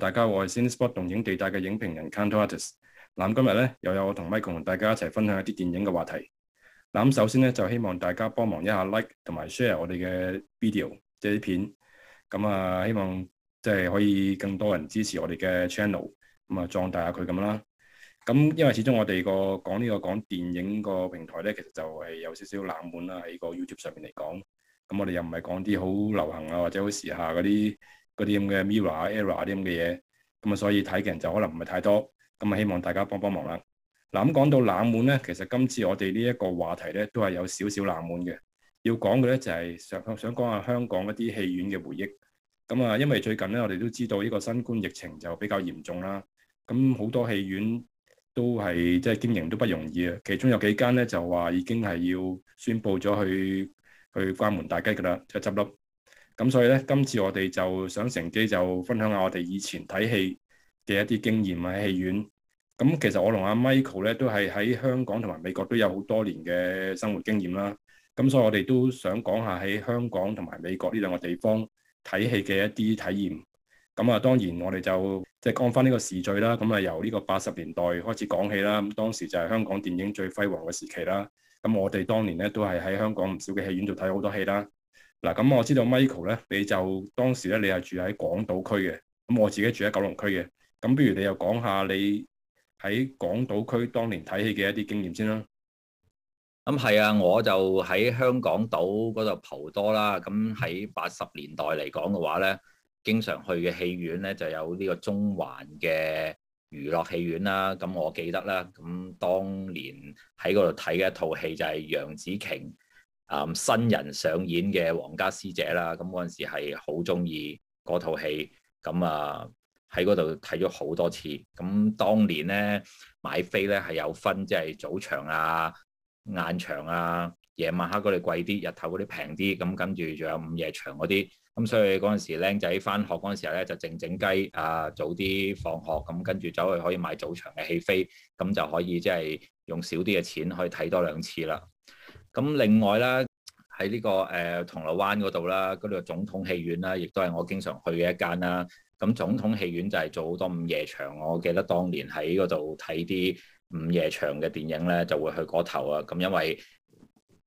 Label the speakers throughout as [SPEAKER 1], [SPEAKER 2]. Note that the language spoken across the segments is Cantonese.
[SPEAKER 1] 大家，我係 Cinespot 動映地帶嘅影評人 Kantorates，嗱今日咧又有我同 Michael 同大家一齊分享一啲電影嘅話題。咁首先咧就希望大家幫忙一下 Like 同埋 Share 我哋嘅 video 即係啲片。咁啊希望即係可以更多人支持我哋嘅 channel，咁啊壯大下佢咁啦。咁因為始終我哋個講呢個講電影個平台咧，其實就係有少少冷門啦喺個 YouTube 上面嚟講。咁我哋又唔係講啲好流行啊或者好時下嗰啲。嗰啲咁嘅 mirror error 啲咁嘅嘢，咁啊所以睇嘅人就可能唔係太多，咁啊希望大家幫幫忙啦。嗱咁講到冷門咧，其實今次我哋呢一個話題咧都係有少少冷門嘅，要講嘅咧就係、是、想想講下香港一啲戲院嘅回憶。咁啊，因為最近咧我哋都知道呢個新冠疫情就比較嚴重啦，咁好多戲院都係即係經營都不容易啊。其中有幾間咧就話已經係要宣布咗去去關門大吉噶啦，就執笠。咁所以咧，今次我哋就想乘機就分享下我哋以前睇戲嘅一啲經驗喺戲院。咁其實我同阿 Michael 咧都係喺香港同埋美國都有好多年嘅生活經驗啦。咁所以我哋都想講下喺香港同埋美國呢兩個地方睇戲嘅一啲體驗。咁啊，當然我哋就即係、就係、講翻呢個時序啦。咁啊，由呢個八十年代開始講起啦。咁當時就係香港電影最輝煌嘅時期啦。咁我哋當年咧都係喺香港唔少嘅戲院度睇好多戲啦。嗱，咁我知道 Michael 咧，你就當時咧，你係住喺港島區嘅，咁我自己住喺九龍區嘅，咁不如你又講下你喺港島區當年睇戲嘅一啲經驗先啦。咁係、嗯、
[SPEAKER 2] 啊，我就喺香港島嗰度蒲多啦。咁喺八十年代嚟講嘅話咧，經常去嘅戲院咧就有呢個中環嘅娛樂戲院啦。咁我記得啦，咁當年喺嗰度睇嘅一套戲就係楊紫瓊。啊！新人上演嘅《皇家師姐》啦，咁嗰陣時係好中意嗰套戲，咁啊喺嗰度睇咗好多次。咁當年咧買飛咧係有分，即係早場啊、晏場啊、夜晚黑嗰啲貴啲，日頭嗰啲平啲。咁跟住仲有午夜場嗰啲。咁所以嗰陣時僆仔翻學嗰陣時候咧，就靜靜雞啊早啲放學，咁跟住走去可以買早場嘅戲飛，咁就可以即係用少啲嘅錢可以睇多兩次啦。咁另外啦，喺呢個誒銅鑼灣嗰度啦，嗰度總統戲院啦，亦都係我經常去嘅一間啦。咁總統戲院就係做好多午夜場，我記得當年喺嗰度睇啲午夜場嘅電影咧，就會去嗰頭啊。咁因為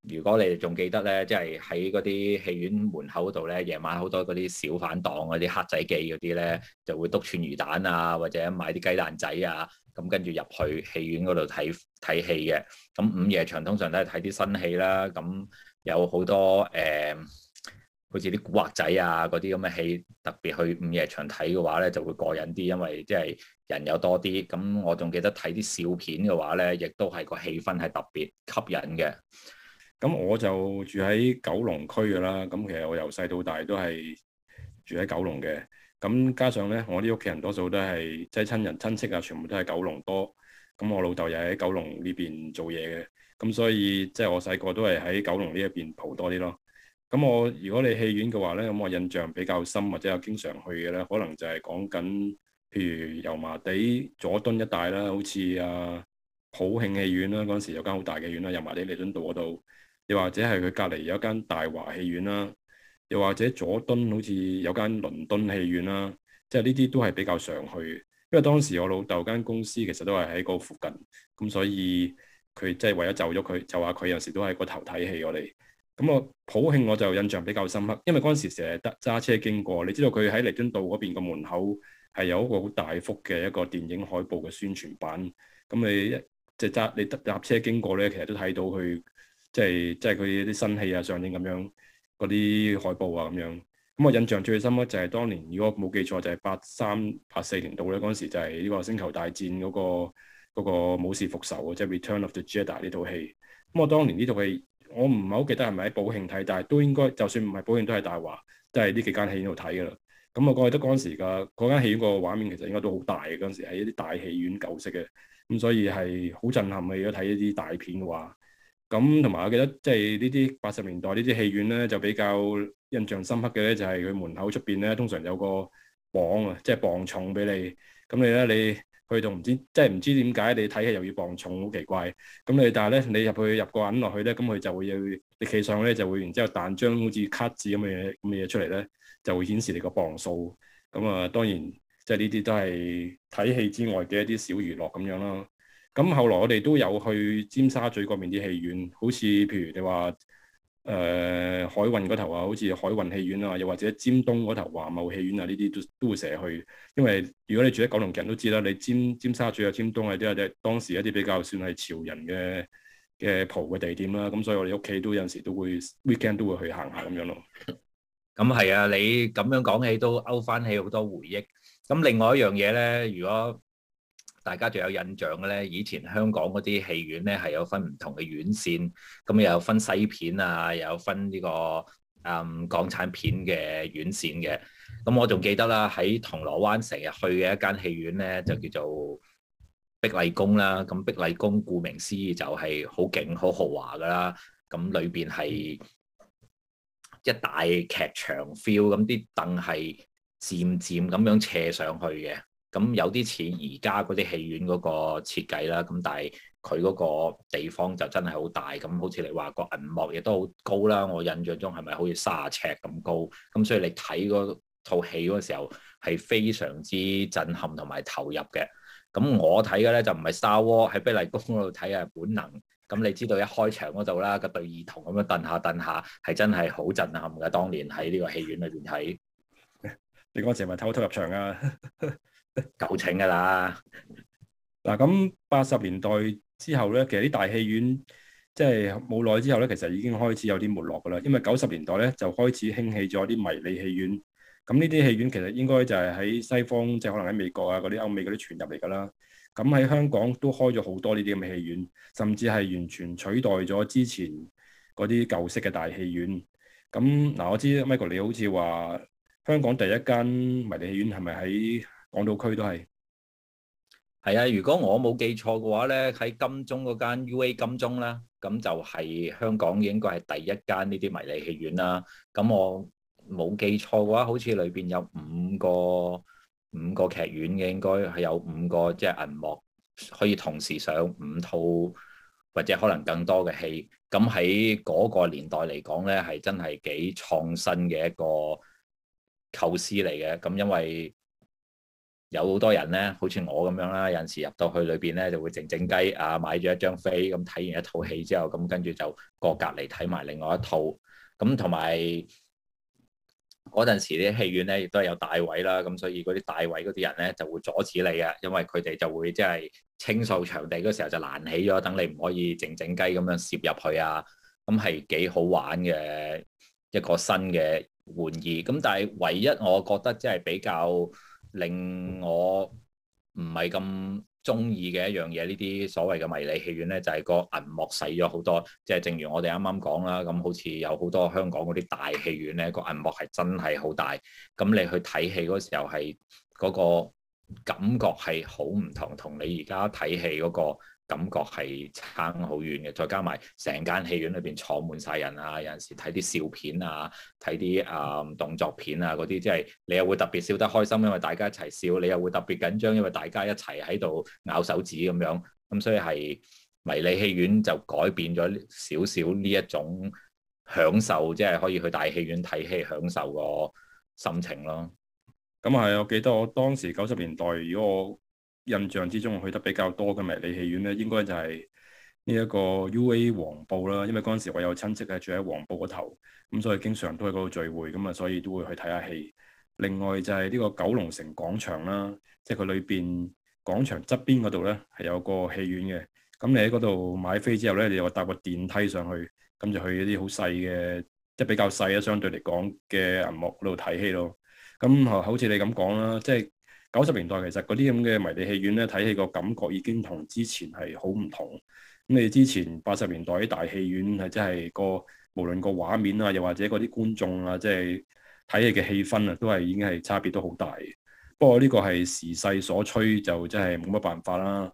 [SPEAKER 2] 如果你仲記得咧，即係喺嗰啲戲院門口度咧，夜晚好多嗰啲小販檔嗰啲黑仔記嗰啲咧，就會篤串魚蛋啊，或者買啲雞蛋仔啊。咁跟住入去戲院嗰度睇睇戲嘅，咁午夜場通常都係睇啲新戲啦，咁有好多誒，好似啲古惑仔啊嗰啲咁嘅戲，特別去午夜場睇嘅話咧，就會過癮啲，因為即係人有多啲。咁我仲記得睇啲笑片嘅話咧，亦都係個氣氛係特別吸引嘅。
[SPEAKER 1] 咁我就住喺九龍區㗎啦，咁其實我由細到大都係住喺九龍嘅。咁加上咧，我啲屋企人多數都係即係親人親戚啊，全部都係九龍多。咁我老豆又喺九龍呢邊做嘢嘅，咁所以即係我細個都係喺九龍呢一邊蒲多啲咯。咁我如果你戲院嘅話咧，咁我印象比較深或者我經常去嘅咧，可能就係講緊譬如油麻地佐敦一帶啦，好似啊普慶戲院啦，嗰陣時有間好大嘅院啦，油麻地彌敦道嗰度，又或者係佢隔離有一間大華戲院啦。又或者佐敦好似有間倫敦戲院啦，即係呢啲都係比較常去，因為當時我老豆間公司其實都係喺嗰附近，咁所以佢即係為咗就咗佢，就話佢有陣時都喺個頭睇戲我哋。咁我普慶我就印象比較深刻，因為嗰陣時成日得揸車經過，你知道佢喺彌敦道嗰邊個門口係有一個好大幅嘅一個電影海報嘅宣傳板，咁你即係揸你搭車經過咧，其實都睇到佢，即係即係佢啲新戲啊上映咁樣。嗰啲海報啊咁樣，咁我印象最深咧就係當年如果冇記錯就係八三八四年度咧，嗰陣時就係呢個星球大戰嗰個嗰個《武士復仇》啊，即係《Return of the Jedi》呢套戲。咁我當年呢套戲我唔係好記得係咪喺寶慶睇，但係都應該就算唔係寶慶都係大華，都係呢幾間戲院度睇噶啦。咁我覺得嗰陣時嘅嗰間戲院個畫面其實應該都好大嘅，嗰陣時係一啲大戲院舊式嘅，咁所以係好震撼嘅，如果睇一啲大片嘅話。咁同埋我記得，即係呢啲八十年代呢啲戲院咧，就比較印象深刻嘅咧，就係佢門口出邊咧，通常有個磅啊，即係磅重俾你。咁你咧，你去到唔知，即係唔知點解你睇戲又要磅重，好奇怪。咁你但係咧，你入去入個銀落去咧，咁佢就會有你企上去咧就會，就會然之後彈張好似卡紙咁嘅嘢咁嘅嘢出嚟咧，就會顯示你個磅數。咁啊，當然即係呢啲都係睇戲之外嘅一啲小娛樂咁樣咯。咁後來我哋都有去尖沙咀嗰邊啲戲院，好似譬如你話誒、呃、海運嗰頭啊，好似海運戲院啊，又或者尖東嗰頭華茂戲院啊，呢啲都都會成日去。因為如果你住喺九龍嘅人都知啦，你尖尖沙咀啊、尖東啊都有啲，當時一啲比較算係潮人嘅嘅蒲嘅地點啦。咁所以我哋屋企都有時都會 weekend 都會去行下咁樣咯。咁係啊，你咁
[SPEAKER 2] 樣講起都勾翻起好多回憶。咁另外一樣嘢咧，如果大家仲有印象嘅咧，以前香港嗰啲戲院咧，係有分唔同嘅院線，咁又有分西片啊，又有分呢個嗯港產片嘅院線嘅。咁我仲記得啦，喺銅鑼灣成日去嘅一間戲院咧，就叫做碧麗宮啦。咁碧麗宮顧名思義就係好勁、好豪華噶啦。咁裏邊係一大劇場 feel，咁啲凳係漸漸咁樣斜上去嘅。咁有啲似而家嗰啲戲院嗰個設計啦，咁但係佢嗰個地方就真係好大，咁好似你話個銀幕亦都好高啦。我印象中係咪好似卅尺咁高？咁所以你睇嗰套戲嗰時候係非常之震撼同埋投入嘅。咁我睇嘅咧就唔係沙窩喺碧麗宮嗰度睇嘅本能。咁你知道一開場嗰度啦，個對兒童咁樣蹬下凳下，係真係好震撼嘅。當年喺呢個戲院裏邊睇，
[SPEAKER 1] 你嗰陣咪偷偷入場啊？ 舊情噶啦，嗱咁八十年代之後咧，其實啲大戲院即係冇耐之後咧，其實已經開始有啲沒落噶啦。因為九十年代咧就開始興起咗啲迷你戲院，咁呢啲戲院其實應該就係喺西方，即係可能喺美國啊嗰啲歐美嗰啲傳入嚟噶啦。咁喺香港都開咗好多呢啲咁嘅戲院，甚至係完全取代咗之前嗰啲舊式嘅大戲院。咁嗱，我知 Michael 你好似話香港第一間迷你戲院係咪喺？港島區都係，係啊！
[SPEAKER 2] 如果我冇記錯嘅話咧，喺金鐘嗰間 UA 金鐘啦，咁就係香港應該係第一間呢啲迷你戲院啦。咁我冇記錯嘅話，好似裏邊有五個五個劇院嘅，應該係有五個即係、就是、銀幕可以同時上五套或者可能更多嘅戲。咁喺嗰個年代嚟講咧，係真係幾創新嘅一個構思嚟嘅。咁因為有好多人咧，好似我咁樣啦，有陣時入到去裏邊咧，就會靜靜雞啊，買咗一張飛咁睇完一套戲之後，咁跟住就過隔離睇埋另外一套。咁同埋嗰陣時啲戲院咧，亦都係有帶位啦，咁所以嗰啲帶位嗰啲人咧就會阻止你啊，因為佢哋就會即係清掃場地嗰時候就攔起咗，等你唔可以靜靜雞咁樣攝入去啊。咁係幾好玩嘅一個新嘅玩意。咁但係唯一我覺得即係比較，令我唔係咁中意嘅一樣嘢，呢啲所謂嘅迷你戲院呢，就係個銀幕細咗好多。即係正如我哋啱啱講啦，咁好似有好多香港嗰啲大戲院呢，個銀幕係真係好大。咁你去睇戲嗰時候係嗰個感覺係好唔同，同你而家睇戲嗰個。感覺係差好遠嘅，再加埋成間戲院裏邊坐滿晒人啊！有陣時睇啲笑片啊，睇啲誒動作片啊嗰啲，即係、就是、你又會特別笑得開心，因為大家一齊笑；你又會特別緊張，因為大家一齊喺度咬手指咁樣。咁、嗯、所以係迷你戲院就改變咗少少呢一種享受，即、就、係、是、可以去大戲院睇戲享受個心情
[SPEAKER 1] 咯。咁啊係，我記得我當時九十年代，如果我印象之中去得比較多嘅迷你戲院咧，應該就係呢一個 UA 黃埔啦。因為嗰陣時我有親戚係住喺黃埔嗰頭，咁所以經常都喺嗰度聚會，咁啊所以都會去睇下戲。另外就係呢個九龍城廣場啦，即係佢裏邊廣場側邊嗰度咧，係有個戲院嘅。咁你喺嗰度買飛之後咧，你又搭個電梯上去，咁就去一啲好細嘅，即係比較細啊，相對嚟講嘅銀幕嗰度睇戲咯。咁啊，好似你咁講啦，即係。九十年代其實嗰啲咁嘅迷你戲院咧，睇戲個感覺已經同之前係好唔同。咁你之前八十年代啲大戲院係真係個無論個畫面啊，又或者嗰啲觀眾啊，即係睇戲嘅氣氛啊，都係已經係差別都好大。不過呢個係時勢所趨，就真係冇乜辦法啦。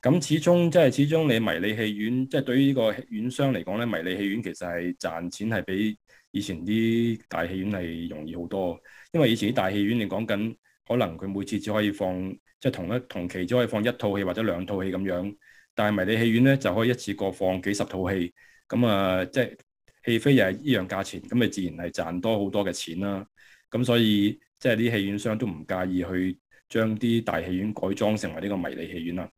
[SPEAKER 1] 咁始終即係、就是、始終你迷你戲院，即、就、係、是、對於呢個院商嚟講咧，迷你戲院其實係賺錢係比以前啲大戲院係容易好多。因為以前啲大戲院你講緊。可能佢每次只可以放即係、就是、同一同期只可以放一套戲或者兩套戲咁樣，但係迷你戲院咧就可以一次過放幾十套戲，咁啊即係戲飛又係一樣價錢，咁咪自然係賺多好多嘅錢啦。咁所以即係啲戲院商都唔介意去將啲大戲院改裝成為呢個迷你戲院啦。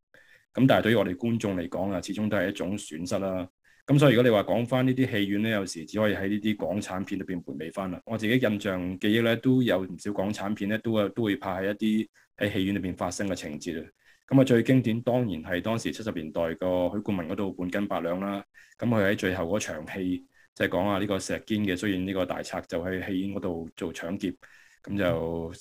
[SPEAKER 1] 咁但係對於我哋觀眾嚟講啊，始終都係一種損失啦。咁所以如果你話講翻呢啲戲院咧，有時只可以喺呢啲港產片裏邊回味翻啦。我自己印象記憶咧，都有唔少港產片咧，都係都會拍喺一啲喺戲院裏邊發生嘅情節啊。咁啊最經典當然係當時七十年代個許冠文嗰套《半斤八兩》啦。咁佢喺最後嗰場戲，即係講下呢個石堅嘅，雖然呢個大賊就喺戲院嗰度做搶劫，咁就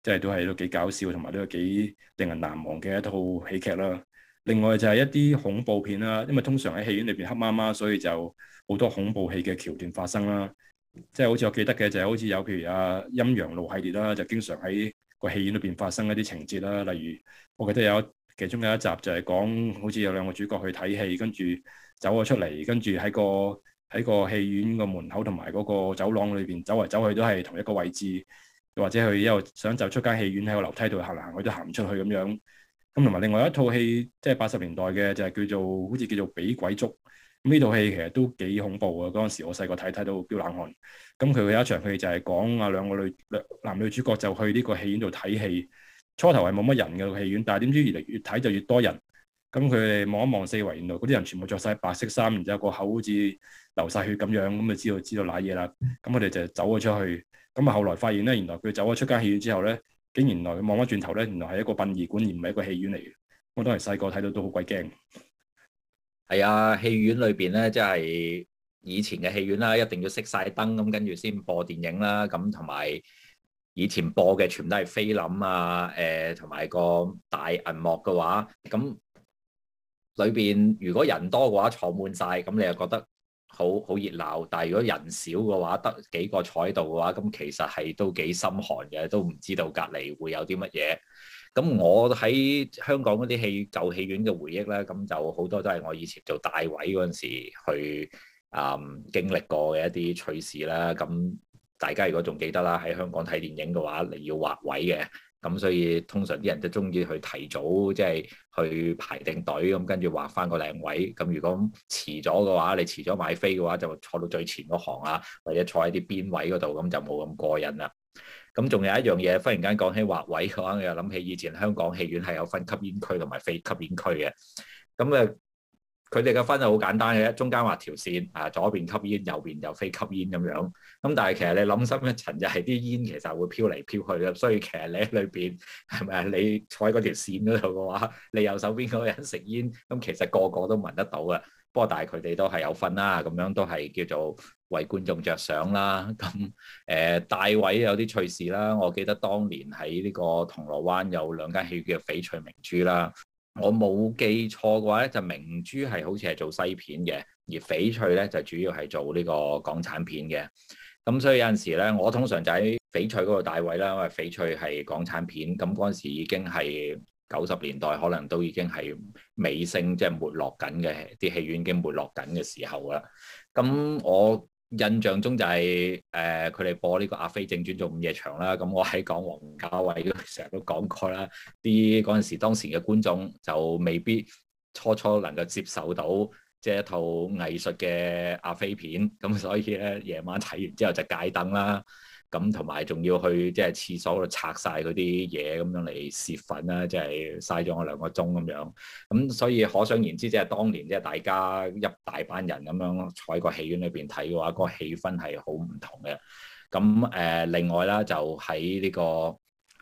[SPEAKER 1] 即係都係都幾搞笑，同埋呢個幾令人難忘嘅一套喜劇啦。另外就係一啲恐怖片啦，因為通常喺戲院裏邊黑媽媽，所以就好多恐怖戲嘅橋段發生啦。即係好似我記得嘅，就係好似有譬如啊陰陽路系列啦，就經常喺個戲院裏邊發生一啲情節啦。例如我記得有其中有一集就係講好似有兩個主角去睇戲，跟住走咗出嚟，跟住喺個喺個戲院個門口同埋嗰個走廊裏邊走嚟走去都係同一個位置，或者佢一路想走出間戲院喺個樓梯度行嚟行去都行唔出去咁樣。咁同埋另外一套戲，即係八十年代嘅，就係叫做好似叫做《畀鬼捉》。咁呢套戲其實都幾恐怖啊。嗰陣時我細個睇睇到飆冷汗。咁佢有一場戲，佢就係講啊兩個女男女主角就去呢個戲院度睇戲。初頭係冇乜人嘅個戲院，但係點知越嚟越睇就越多人。咁佢哋望一望四圍，原來嗰啲人全部着晒白色衫，然之後個口好似流晒血咁樣，咁就知道知道嗱嘢啦。咁佢哋就走咗出去。咁啊後來發現咧，原來佢走咗出間戲院之後咧。竟然來望翻轉頭咧，原來係一個殯儀館，而唔係一個戲院嚟嘅。我都係細個睇到都好鬼驚。係啊，戲院裏邊
[SPEAKER 2] 咧，即係以前嘅戲院啦，一定要熄晒燈咁，跟住先播電影啦。咁同埋以前播嘅，全都係菲林啊，誒，同埋個大銀幕嘅話，咁裏邊如果人多嘅話坐滿晒，咁你又覺得，好好熱鬧，但係如果人少嘅話，得幾個坐喺度嘅話，咁其實係都幾心寒嘅，都唔知道隔離會有啲乜嘢。咁我喺香港嗰啲戲舊戲院嘅回憶咧，咁就好多都係我以前做帶位嗰陣時去啊、嗯、經歷過嘅一啲趣事啦。咁大家如果仲記得啦，喺香港睇電影嘅話，你要劃位嘅。咁所以通常啲人都中意去提早，即係去排定隊咁，跟住劃返個靚位。咁如果遲咗嘅話，你遲咗買飛嘅話，就坐到最前嗰行啊，或者坐喺啲邊位嗰度，咁就冇咁過癮啦。咁仲有一樣嘢，忽然間講起劃位嘅話，又諗起以前香港戲院係有分吸煙區同埋非吸煙區嘅。咁誒。佢哋嘅分就好簡單嘅，中間畫條線，啊，左邊吸煙，右邊又非吸煙咁樣。咁但係其實你諗深一層，就係啲煙其實會飄嚟飄去嘅，所以其實你喺裏邊係咪你坐喺嗰條線嗰度嘅話，你右手邊嗰個人食煙，咁其實個個都聞得到嘅。不過但係佢哋都係有分啦，咁樣都係叫做為觀眾着想啦。咁誒、呃，大位有啲趣事啦。我記得當年喺呢個銅鑼灣有兩間戲院叫翡翠明珠啦。我冇記錯嘅話咧，就明珠係好似係做西片嘅，而翡翠咧就主要係做呢個港產片嘅。咁所以有陣時咧，我通常就喺翡翠嗰度帶位啦，因為翡翠係港產片，咁嗰陣時已經係九十年代，可能都已經係尾聲，即係沒落緊嘅啲戲院已經沒落緊嘅時候啦。咁我印象中就係誒佢哋播呢個《阿飛正傳》做午夜場啦，咁我喺講王家衞成日都講過啦，啲嗰陣時當時嘅觀眾就未必初初能夠接受到即係一套藝術嘅阿飛片，咁所以咧夜晚睇完之後就界凳啦。咁同埋仲要去即係廁所度拆晒嗰啲嘢，咁樣嚟泄憤啦，即係嘥咗我兩個鐘咁樣。咁所以可想而知，即係當年即係大家一大班人咁樣坐喺個戲院裏邊睇嘅話，嗰個氣氛係好唔同嘅。咁誒、呃，另外啦，就喺呢個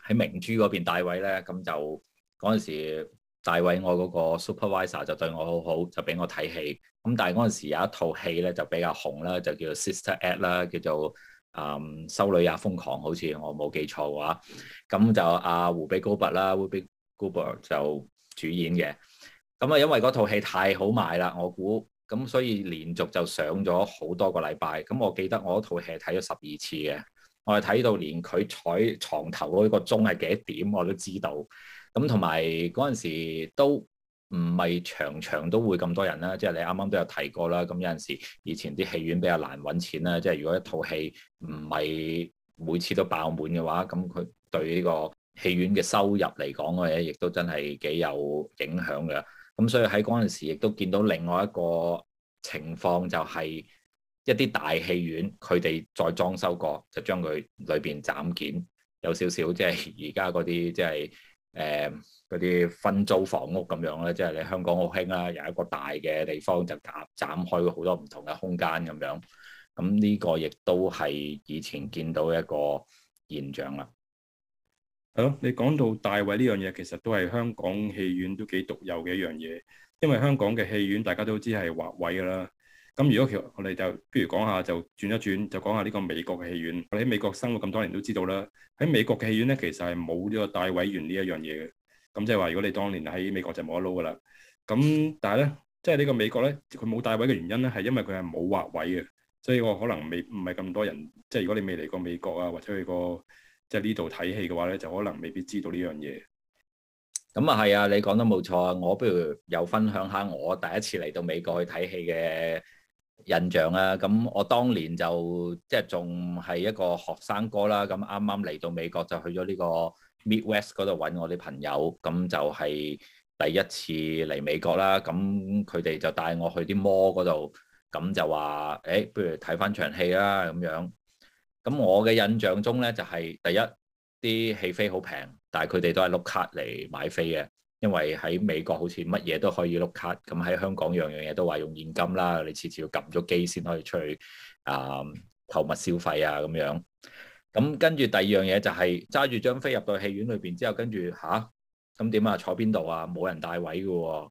[SPEAKER 2] 喺明珠嗰邊大位咧，咁就嗰陣時大位我嗰個 supervisor 就對我好好，就俾我睇戲。咁但係嗰陣時有一套戲咧就比較紅啦，就叫做 Sister Act 啦，叫做。嗯，um, 修女也瘋狂，好似我冇記錯嘅話，咁就阿胡、啊、比高拔啦，胡、啊、比高拔就主演嘅。咁啊，因為嗰套戲太好賣啦，我估咁，所以連續就上咗好多個禮拜。咁我記得我套戲睇咗十二次嘅，我係睇到連佢坐喺牀頭嗰個鐘係幾多點，我都知道。咁同埋嗰陣時都。唔係場場都會咁多人啦，即係你啱啱都有提過啦。咁有陣時，以前啲戲院比較難揾錢啦，即係如果一套戲唔係每次都爆滿嘅話，咁佢對呢個戲院嘅收入嚟講，嘅嘢亦都真係幾有影響嘅。咁所以喺嗰陣時，亦都見到另外一個情況，就係一啲大戲院佢哋再裝修過，就將佢裏邊斬件，有少少即係而家嗰啲即係。即係誒嗰啲分租房屋咁樣咧，即係你香港好興啦，有一個大嘅地方就夾斬開好多唔同嘅空間咁
[SPEAKER 1] 樣，咁呢個亦都係以前見到一個現象啦。係咯、嗯，你講到帶位呢樣嘢，其實都係香港戲院都幾獨有嘅一樣嘢，因為香港嘅戲院大家都知係劃位㗎啦。咁如果其實我哋就，不如講下就轉一轉，就講下呢個美國嘅戲院。我哋喺美國生活咁多年都知道啦。喺美國嘅戲院咧，其實係冇呢個帶位員呢一樣嘢嘅。咁即係話，如果你當年喺美國就冇得撈噶啦。咁但係咧，即係呢個美國咧，佢冇帶位嘅原因咧，係因為佢係冇劃位嘅，所以我可能未唔係咁多人。即係如果你未嚟過美國啊，或者去過即係呢度睇戲嘅話咧，就可能未必知道呢樣嘢。
[SPEAKER 2] 咁啊係啊，你講得冇錯啊。我不如又分享下我第一次嚟到美國去睇戲嘅。印象啊，咁我當年就即係仲係一個學生哥啦，咁啱啱嚟到美國就去咗呢個 Midwest 嗰度揾我啲朋友，咁就係第一次嚟美國啦，咁佢哋就帶我去啲 mall 嗰度，咁就話誒、欸，不如睇返場戲啦咁樣，咁我嘅印象中呢，就係、是、第一啲戲飛好平，但係佢哋都係碌卡嚟買飛嘅。因為喺美國好似乜嘢都可以碌卡，咁喺香港樣樣嘢都話用現金啦，你次次要撳咗機先可以出去啊嗯、購物消費啊咁樣。咁跟住第二樣嘢就係揸住張飛入到戲院裏邊之後，跟住吓，咁點啊？坐邊度啊？冇人帶位㗎喎，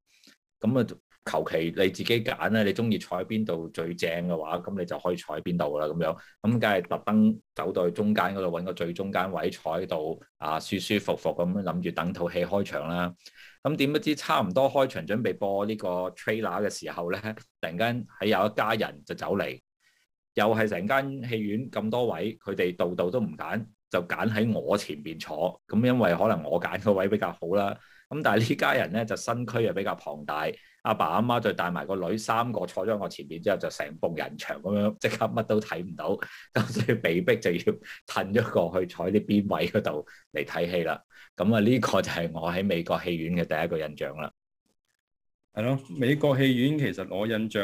[SPEAKER 2] 咁啊～求其你自己揀啦，你中意坐喺邊度最正嘅話，咁你就可以坐喺邊度啦咁樣。咁梗係特登走到去中間嗰度揾個最中間位坐喺度，啊舒舒服服咁諗住等套戲開場啦。咁點不知差唔多開場準備播呢個 trailer 嘅時候咧，突然間喺有一家人就走嚟，又係成間戲院咁多位，佢哋度度都唔揀，就揀喺我前邊坐。咁因為可能我揀個位比較好啦。咁但係呢家人咧就身軀又比較龐大，阿爸阿媽就帶埋個女三個坐咗我前面之後，就成幅人牆咁樣，即刻乜都睇唔到，咁所以被逼就要褪咗過去坐呢邊位嗰度嚟睇戲啦。咁啊呢個就係我喺美國戲院嘅第一個印象啦。
[SPEAKER 1] 係咯，美國戲院其實我印象即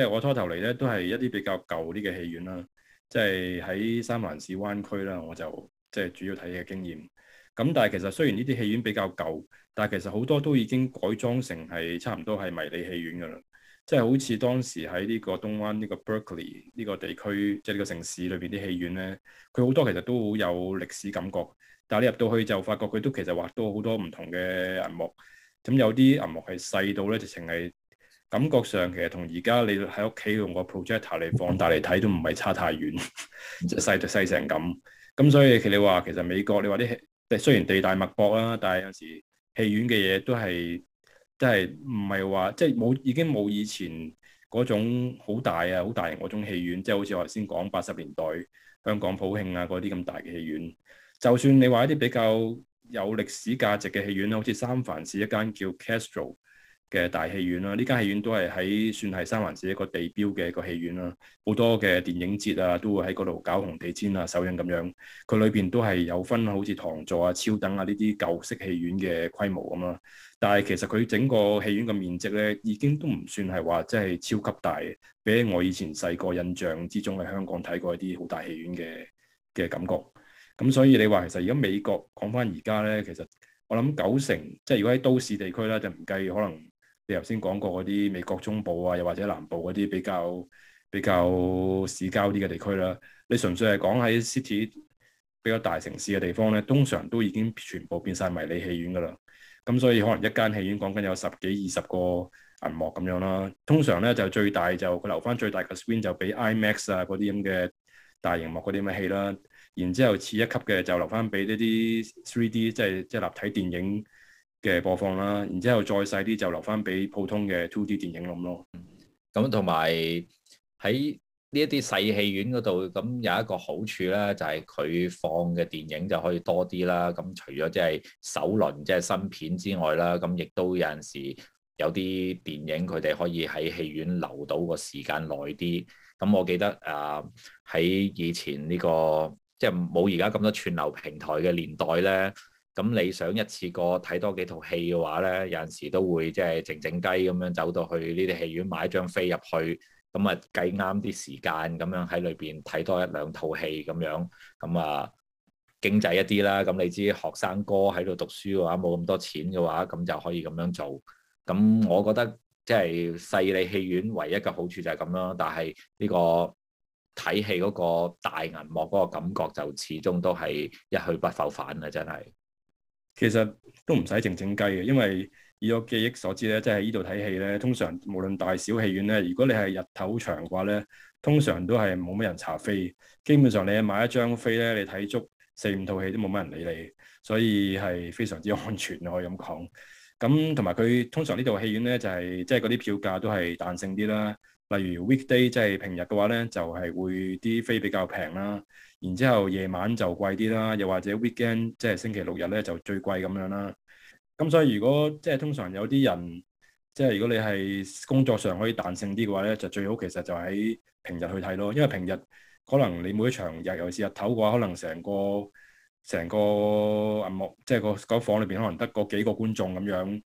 [SPEAKER 1] 係、就是、我初頭嚟咧都係一啲比較舊啲嘅戲院啦，即係喺三藩市灣區啦，我就即係、就是、主要睇嘅經驗。咁但係其實雖然呢啲戲院比較舊，但係其實好多都已經改裝成係差唔多係迷你戲院噶啦，即係好似當時喺呢個東灣呢個 Berkeley 呢個地區，即係呢個城市裏邊啲戲院咧，佢好多其實都好有歷史感覺。但係你入到去就發覺佢都其實畫到好多唔同嘅銀幕，咁有啲銀幕係細到咧，直情係感覺上其實同而家你喺屋企用個 projector 嚟放大嚟睇都唔係差太遠，即係細到細成咁。咁所以其實你話其實美國你話啲。即係雖然地大物博啦，但係有時戲院嘅嘢都係，即係唔係話即係冇已經冇以前嗰種好大啊，好大型嗰種戲院，即係好似我頭先講八十年代香港普慶啊嗰啲咁大嘅戲院。就算你話一啲比較有歷史價值嘅戲院咧，好似三藩市一間叫 Castro。嘅大戲院啦，呢間戲院都係喺算係三藩市一個地標嘅一個戲院啦，好多嘅電影節啊都會喺嗰度搞紅地毯啊、首映咁樣。佢裏邊都係有分好似堂座啊、超等啊呢啲舊式戲院嘅規模咁咯。但係其實佢整個戲院嘅面積咧，已經都唔算係話即係超級大，比起我以前細個印象之中喺香港睇過一啲好大戲院嘅嘅感覺。咁所以你話其實而家美國講翻而家咧，其實我諗九成即係如果喺都市地區啦，就唔計可能。你頭先講過嗰啲美國中部啊，又或者南部嗰啲比較比較市郊啲嘅地區啦，你純粹係講喺 city 比較大城市嘅地方咧，通常都已經全部變晒迷你戲院噶啦。咁所以可能一間戲院講緊有十幾二十個銀幕咁樣啦。通常咧就最大就佢留翻最大嘅 screen 就俾 IMAX 啊嗰啲咁嘅大熒幕嗰啲咁嘅戲啦。然之後次一級嘅就留翻俾呢啲 3D 即係即係立體電影。嘅播放啦，然之後再細啲就留翻俾普通嘅 2D 電影咁咯。咁同埋喺
[SPEAKER 2] 呢一啲細戲院嗰度，咁有一個好處咧，就係、是、佢放嘅電影就可以多啲啦。咁除咗即係首輪即係、就是、新片之外啦，咁亦都有陣時有啲電影佢哋可以喺戲院留到個時間耐啲。咁我記得啊，喺、呃、以前呢、這個即係冇而家咁多串流平台嘅年代咧。咁你想一次過睇多幾套戲嘅話咧，有陣時都會即係靜靜雞咁樣走到去呢啲戲院買一張飛入去，咁啊計啱啲時間咁樣喺裏邊睇多一兩套戲咁樣，咁啊經濟一啲啦。咁你知學生哥喺度讀書嘅話冇咁多錢嘅話，咁就可以咁樣做。咁我覺得即係迷你戲院唯一嘅好處就係咁咯。但係呢個睇戲嗰個大銀幕嗰個感覺就始終都係一去不復
[SPEAKER 1] 返啊！真係。其實都唔使靜靜雞嘅，因為以我記憶所知咧，即係呢度睇戲咧，通常無論大小戲院咧，如果你係日頭場嘅話咧，通常都係冇乜人查飛，基本上你買一張飛咧，你睇足四五套戲都冇乜人理你，所以係非常之安全，可以咁講。咁同埋佢通常呢度戲院咧，就係即係嗰啲票價都係彈性啲啦。例如 weekday 即係平日嘅話咧，就係、是、會啲飛比較平啦。然之後夜晚就貴啲啦，又或者 weekend 即係星期六日咧就最貴咁樣啦。咁所以如果即係通常有啲人即係如果你係工作上可以彈性啲嘅話咧，就最好其實就喺平日去睇咯。因為平日可能你每一場日尤其是日頭嘅話，可能成個成個銀幕、嗯、即係個房裏邊可能得個幾個觀眾咁樣，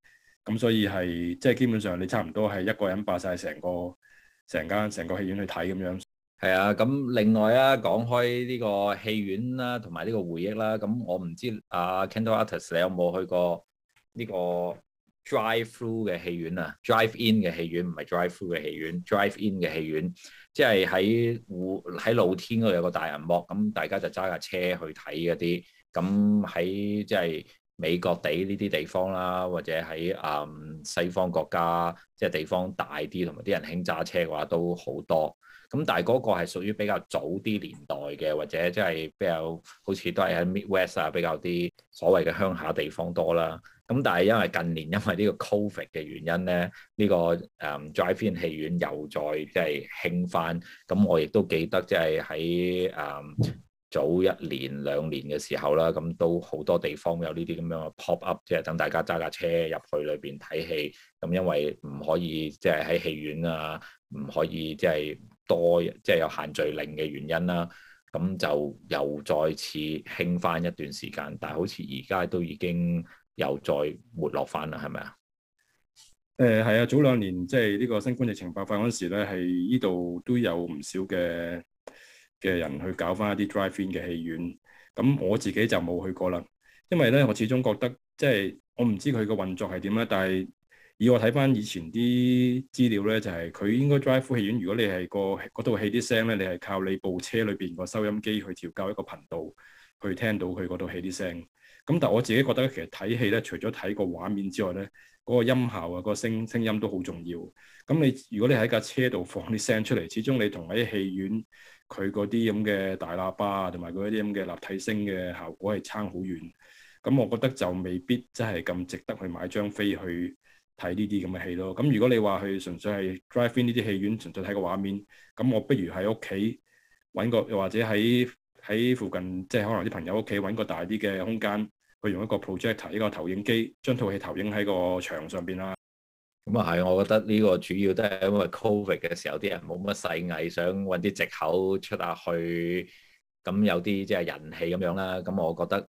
[SPEAKER 1] 咁所以係即係基本上你差唔多係一個人霸晒成個。成間成個戲院去睇咁樣，
[SPEAKER 2] 係啊。咁另外啊，講開呢個戲院啦、啊，同埋呢個回憶啦、啊。咁、嗯、我唔知阿 Kantorates，你有冇去過呢個 drive through 嘅戲院啊？drive in 嘅戲院，唔係 drive through 嘅戲院，drive in 嘅戲院，即係喺戶喺露天嗰度有個大銀幕，咁大家就揸架車去睇嗰啲。咁喺即係。就是美國地呢啲地方啦，或者喺誒、嗯、西方國家，即、就、係、是、地方大啲，同埋啲人興揸車嘅話都好多。咁但係嗰個係屬於比較早啲年代嘅，或者即係比較好似都係喺 Midwest 啊比較啲所謂嘅鄉下地方多啦。咁但係因為近年因為呢個 Covid 嘅原因咧，呢、這個誒、嗯、drive-in 戲院又再即係興返。咁、嗯、我亦都記得即係喺誒。嗯早一年、兩年嘅時候啦，咁都好多地方有呢啲咁樣嘅 pop up，即係等大家揸架車入去裏邊睇戲。咁因為唔可以即係喺戲院啊，唔可以即係、就是、多即係、就是、有限聚令嘅原因啦、啊。咁就又再次興翻一段時間，但係好似而家都已經又再沒落翻啦，係咪啊？
[SPEAKER 1] 誒係、呃、啊，早兩年即係呢個新冠疫情爆發嗰陣時咧，係呢度都有唔少嘅嘅人去搞翻一啲 drive-in 嘅戲院，咁我自己就冇去過啦，因為咧我始終覺得即係我唔知佢個運作係點咧，但係以我睇翻以前啲資料咧，就係、係、佢應該 drive-in 戲院，如果你係個嗰套戲啲聲咧，你係靠你部車裏邊個收音機去調校一個頻道去聽到佢嗰套戲啲聲。咁但係我自己覺得其實睇戲咧，除咗睇個畫面之外咧，嗰個音效啊，嗰個聲聲音都好重要。咁你如果你喺架車度放啲聲出嚟，始終你同喺戲院佢嗰啲咁嘅大喇叭啊，同埋嗰啲咁嘅立體聲嘅效果係差好遠。咁我覺得就未必真係咁值得去買張飛去睇呢啲咁嘅戲咯。咁如果你話去純粹係 drive in 呢啲戲院，純粹睇個畫面，咁我不如喺屋企揾個，又或者喺喺附近，即係可能啲朋友屋企揾個大啲嘅空間。佢用一個 projector 呢個投影機，將套戲投影喺個牆上邊啦。
[SPEAKER 2] 咁啊、嗯，係，我覺得呢個主要都係因為 covid 嘅時候，啲人冇乜細藝，想揾啲藉口出下去。咁有啲即係人氣咁樣啦。咁我覺得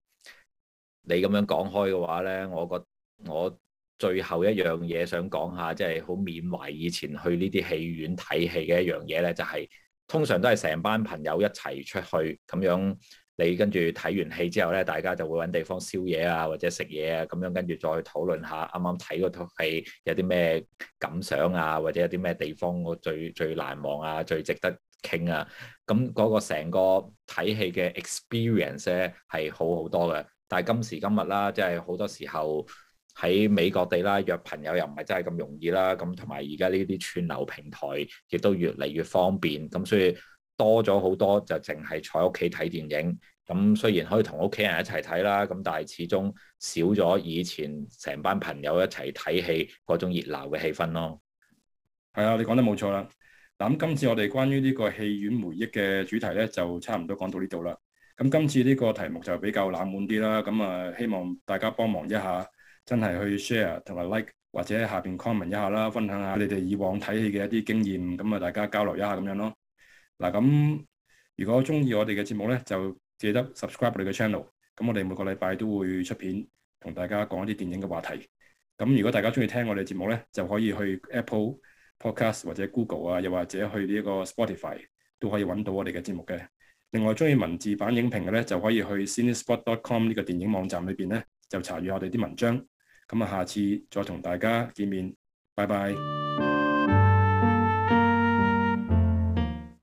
[SPEAKER 2] 你咁樣講開嘅話呢，我覺得我最後一樣嘢想講下，即係好緬懷以前去呢啲戲院睇戲嘅一樣嘢呢，就係、是、通常都係成班朋友一齊出去咁樣。你跟住睇完戲之後咧，大家就會揾地方宵夜啊，或者食嘢啊，咁樣跟住再去討論下啱啱睇嗰套戲有啲咩感想啊，或者有啲咩地方我最最難忘啊，最值得傾啊，咁嗰個成個睇戲嘅 experience 咧係好好多嘅。但係今時今日啦，即係好多時候喺美國地啦，約朋友又唔係真係咁容易啦。咁同埋而家呢啲串流平台亦都越嚟越方便，咁所以。多咗好多就淨係坐喺屋企睇電影，咁雖然可以同屋企人一齊睇啦，咁但係始終少咗以前成班朋友一齊睇戲嗰種熱
[SPEAKER 1] 鬧嘅氣氛咯。係啊，你講得冇錯啦。嗱，今次我哋關於呢個戲院回憶嘅主題呢，就差唔多講到呢度啦。咁今次呢個題目就比較冷門啲啦，咁啊希望大家幫忙一下，真係去 share 同埋 like 或者下邊 comment 一下啦，分享下你哋以往睇戲嘅一啲經驗，咁啊大家交流一下咁樣咯。嗱咁，如果中意我哋嘅節目咧，就記得 subscribe 我哋嘅 channel。咁我哋每個禮拜都會出片，同大家講一啲電影嘅話題。咁如果大家中意聽我哋嘅節目咧，就可以去 Apple Podcast 或者 Google 啊，又或者去呢一個 Spotify 都可以揾到我哋嘅節目嘅。另外，中意文字版影評嘅咧，就可以去 CineSpot.com 呢個電影網站裏邊咧，就查閱我哋啲文章。咁啊，下次再同大家見面，拜拜。